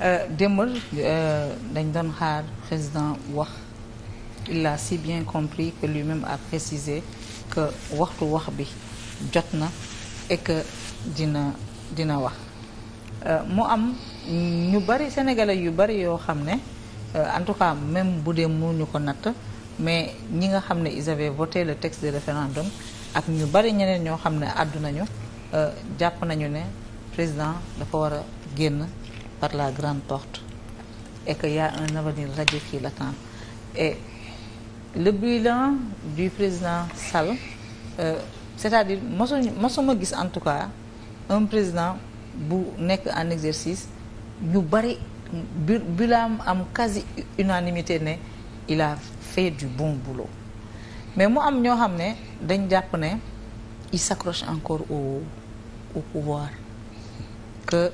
Euh, démb euh, dañ doon xaar président wax il a si bien compris que lui-même a précisé que waxtu wax bi jot na et que dina dina wax euh, mu am ñu bari sénégalais yu bari yoo xam ne en tout cas même bu dee mënuñu ko natt mais ñi nga xam ne ils avaient voté le texte de référendum ak ñu bari ñeneen ñoo xam ne àddu nañu jàpp nañu ne président dafa war a génn par la grande porte et que y un avenir radieux qui l'attend. Et le bilan du président Sall euh, c'est-à-dire mosuñu mosuma gis en tout cas un président bu nekk en exercice ñu bari bi am quasi unanimité ne il a fait du bon boulot mais mu am ñoo xam ne dañ jàpp ne il s'accroche encore au au pouvoir que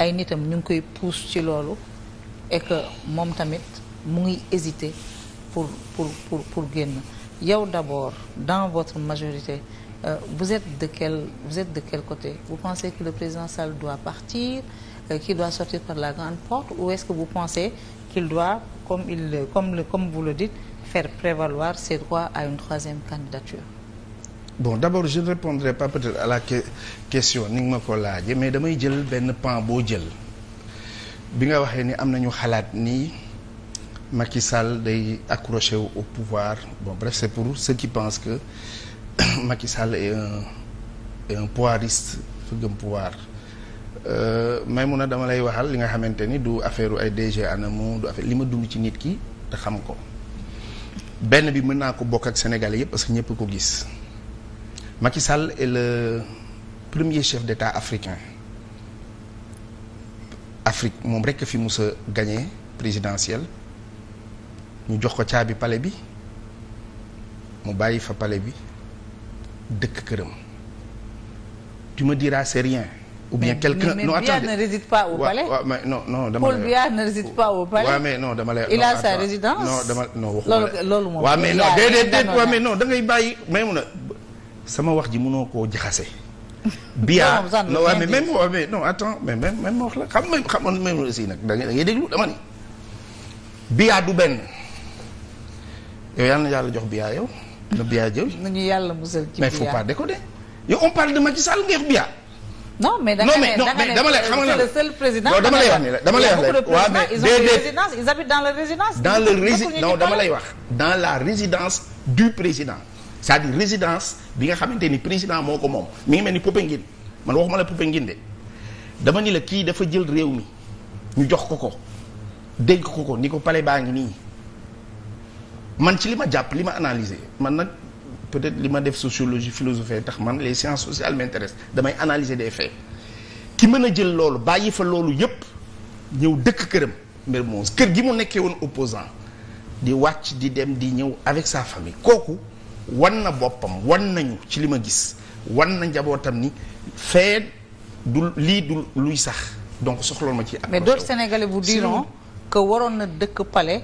ay nitam ñu ngi koy pousse ci loolu et que moom tamit mu ngi hésiter pour pour pour pour génn yow d'abord dans votre majorité euh, vous êtes de quel vous êtes côté vous pensez que le président Sall doit partir euh, qu'il doit sortir par la grande porte ou est-ce que vous pensez qu'il doit comme le comme vous le dites faire prévaloir ses droits à une troisième candidature bon d'abord je ne répondrai pas peut-être à la que question ni nga ma ko laajee mais damay jël benn pan boo jël bi nga waxee ni am nañu xalaat ni Macky Sall day accroché au pouvoir bon bref c'est pour ceux qui pensent que Macky Sall est un est un pouvoiriste fa gëm pouvoir euh, may mun a dama lay waxal li nga xamante ni du affaire ay DG ANAMO du affaire li ma dund ci nit ki te xam ko benn bi mën naa ko bokk ak Sénégalais yëpp parce que ñëpp ko gis Macky Sall est le premier chef d'État africain Afrique moom rekk fi mus a gagné présidentiel ñu jox ko caabi palais bi mu bàyyi fa palais bi dëkk këram tu me diras c'est rien. ou bien quelqu'un non attendez mais dama Paul Biya ne réside pas au loolu moom. waaw mais non déedéet déet waaw mais non da bàyyi may mun a. sama wax ji mënoo koo jaxase. biyaa non waaw mais même waaw mais non mais même même wax la xam même xamoon même aussi nag da ngay déglu dama ni biyaa du benn yow yal na yàlla jox biyaa yow. na biyaa jël nañu yàlla musal ci biyaa mais faut pas déconner yow on parle de Macky Sall ngay wax biyaa. non mais da nga ne da nga ne c'est dama lay wax ni la dama lay wax la waaw mais dama lay wax. dans la résidence du président. cest à résidence bi nga xamante ni président moo ko moom mi ngi mel ni Popenguine man waxuma la Popenguine de dama ni la kii dafa jël réew mi ñu jox ko ko dénk ko ko ni ko palais baa ngi nii man ci li ma jàpp li ma analyser man nag peut-être li ma def sociologie philosophie tax man les sciences sociales m'intéressent damay analyser des faits ki mën a jël loolu bàyyi fa loolu yépp ñëw dëkk këram mbir moom kër gi mu nekkee woon opposant di wàcc di dem di ñëw avec sa famille kooku wan na boppam wan nañu ci li ma gis wan na njabootam ni fee du lii du luy sax donc soxlool ma ci. mais d'autres Sénégalais vous diront que waroon na dëkk pale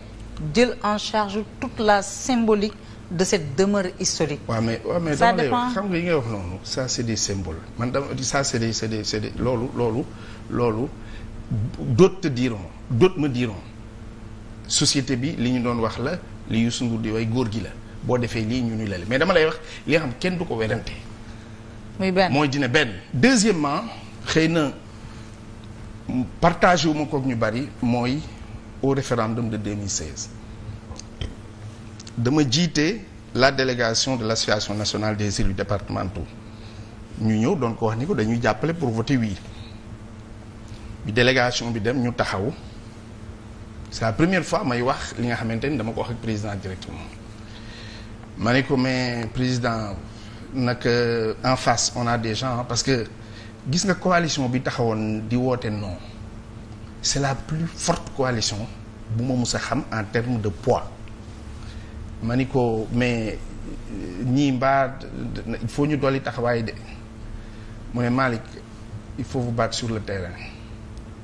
jël en charge toute la symbolique de cette demeure historique. waaw ouais, mais waaw ouais, mais dama lay wax yi ngay wax noonu ça c'est des symboles man dama ça c'est des c'est des loolu loolu loolu d'autres te diront d'autres société bi li ñu doon wax la li Youssou Ndour di way góor gi la. boo defee lii ñu ni la mais dama lay wax li nga xam kenn du ko werante muy benn mooy dina benn deuxièmement xëy na partage wu ma kook ñu bari mooy au référendum de 2016 dama jiite la délégation de l'association nationale des élus départementaux ñu ñëw doon ko wax ni ko dañuy jàppale pour voter oui bi délégation bi dem ñu taxaw c'est la première fois may wax li nga xamante ni dama ko wax ak président directement ma ne ko mais président nag euh, en face on a des gens parce que gis nga coalition bi taxawoon di woote non c'est la plus forte coalition bu ma mus xam en termes de poids ma ni ko mais euh, ñii mbaat il ñu dool dolli taxawaay de mu ne Malick il faut vous battre sur le terrain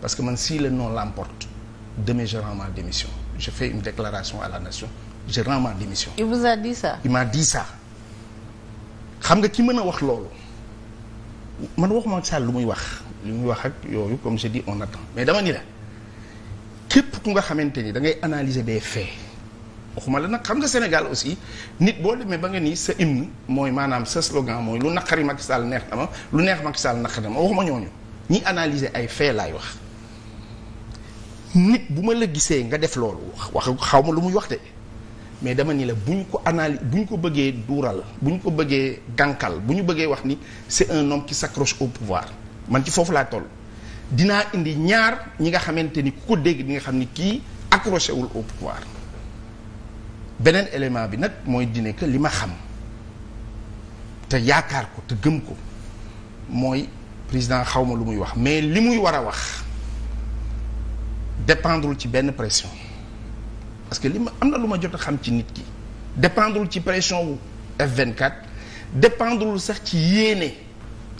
parce que man si le non l'emporte demain je rends ma démission je fais une déclaration à la nation je rends ma démission. il vous a dit xam nga ki mën a wax loolu man waxuma ak Sall lu muy wax lu muy wax ak yooyu comme je dis on attend mais dama ni la képp ku nga xamante ni da ngay analyser des faits waxuma la nag xam nga Sénégal aussi nit boo demee ba nga ni sa hymne mooy maanaam sa slogan mooy lu naqari Macky Sall neex na lu neex Macky Sall naqari na ma waxuma ñooñu ñi analyser ay faits laay wax. nit bu ma la gisee nga def loolu wax xaw ma lu muy wax de mais dama ni la bu ñu ko analyse bu ñu ko bëggee duural bu ñu ko bëggee gànkal bu ñu bëggee wax ni c'est un homme qui s'accroche au pouvoir man ci foofu laa toll dinaa indi ñaar ñi nga xamante ni ku ko dégg di nga xam ni kii accroché wul au pouvoir beneen élément bi nag mooy dine que li ma xam te yaakaar ko te gëm ko mooy président xawma lu muy wax mais li muy war a wax dépendrul ci benn pression parce que li ma am na lu ma jot a xam ci nit ki dépendrul ci pression wu F24 dépendrul sax ci yéene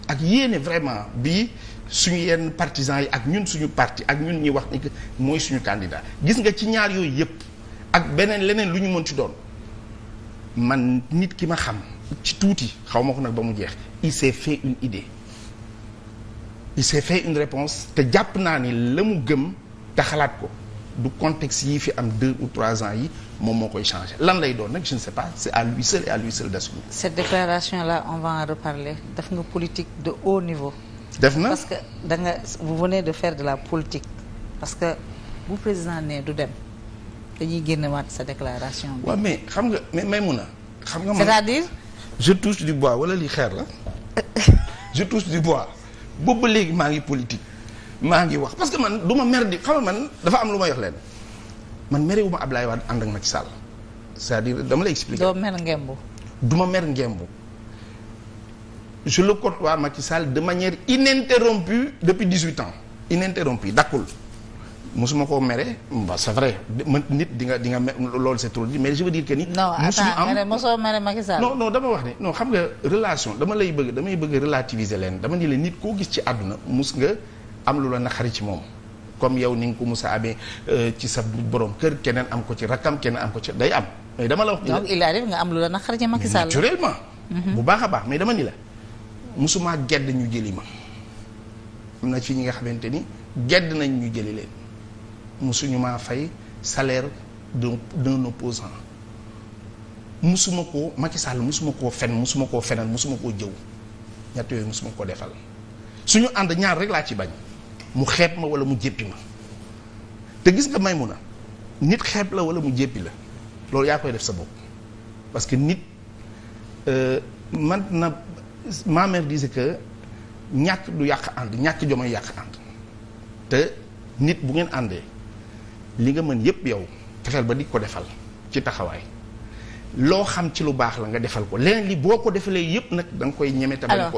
ak yéene vraiment bi suñu yenn partisans yi ak ñun suñu parti ak ñun ñuy wax ni mooy suñu candidat gis nga ci ñaar yooyu yëpp ak beneen leneen lu ñu mën ci doon man nit ki ma xam ci tuuti xaw ma ko nag ba mu jeex il s'est fait une idée il s'est fait une réponse te jàpp naa ni la mu gëm te xalaat ko du contexte yi fi am deux ou trois ans yi moom moo koy changé lan lay doon nag je ne sais pas c'est à lui seul et à lui seul d'assumer. cette déclaration là on va en reparler def nga politique de haut niveau. def na parce que da nga vous venez de faire de la politique parce que bu président ne du dem dañuy génnewaat sa déclaration. waaw ouais, mais xam nga mais may mun a. xam nga man cest dire je tous du bois wala li xeer la je touche du bois boobu ba léegi maa ngi politique. maa ngi wax parce que man du ma mer di xam man dafa am lu may yox leen man mere wu ma Ablaye Wade ànd ak Macky Sall c'est-à-dire dama lay expliquer. doo mer ngembu. du ma mer ngembu. je le côtoie Macky Sall de manière ininterrompue depuis dix-huit ans ininterrompue dakkul musuma koo mere ba c'est vrai man nit di nga di nga loolu c'est trop dit mais je veux dire que ni. musuma dama wax ne no xam nga relation dama lay bëgg damay bëgg relativiser leen dama ni leen nit koo gis ci àdduna mus nga. am lu la naqari ci moom comme yow ni nga ko musa amee euh, ci sa boroom kër keneen am ko ci rakkam keneen am ko ci day am mais dama la wax. donc il arrive nga am lu la naqari ci Macky Sall mhm. bu baax a dama ni la musuma gedd ñu jëli ma. am na ci ñi nga xamante ni gedd nañ ñu jëli leen musuñu maa fay salaire d'un musuma koo Macky Sall musuma koo fen musuma koo fenal musuma koo jëw ñett yooyu musuma koo defal suñu ànd ñaar rek laa ci bañ. mu xeeb ma wala mu jéppi ma te gis nga may mun a nit xeeb la wala mu jéppi la loolu yaa koy def sa bopp parce que nit euh, man na ma mère disait que ñàkk du yàq ànd ñàkk jomay yàq ànd te nit bu ngeen àndee li nga mën yëpp yow fexeel ba di ko defal ci taxawaay loo xam ci lu baax la nga defal ko leneen li boo ko defalee yëpp nag da koy ñeme tamit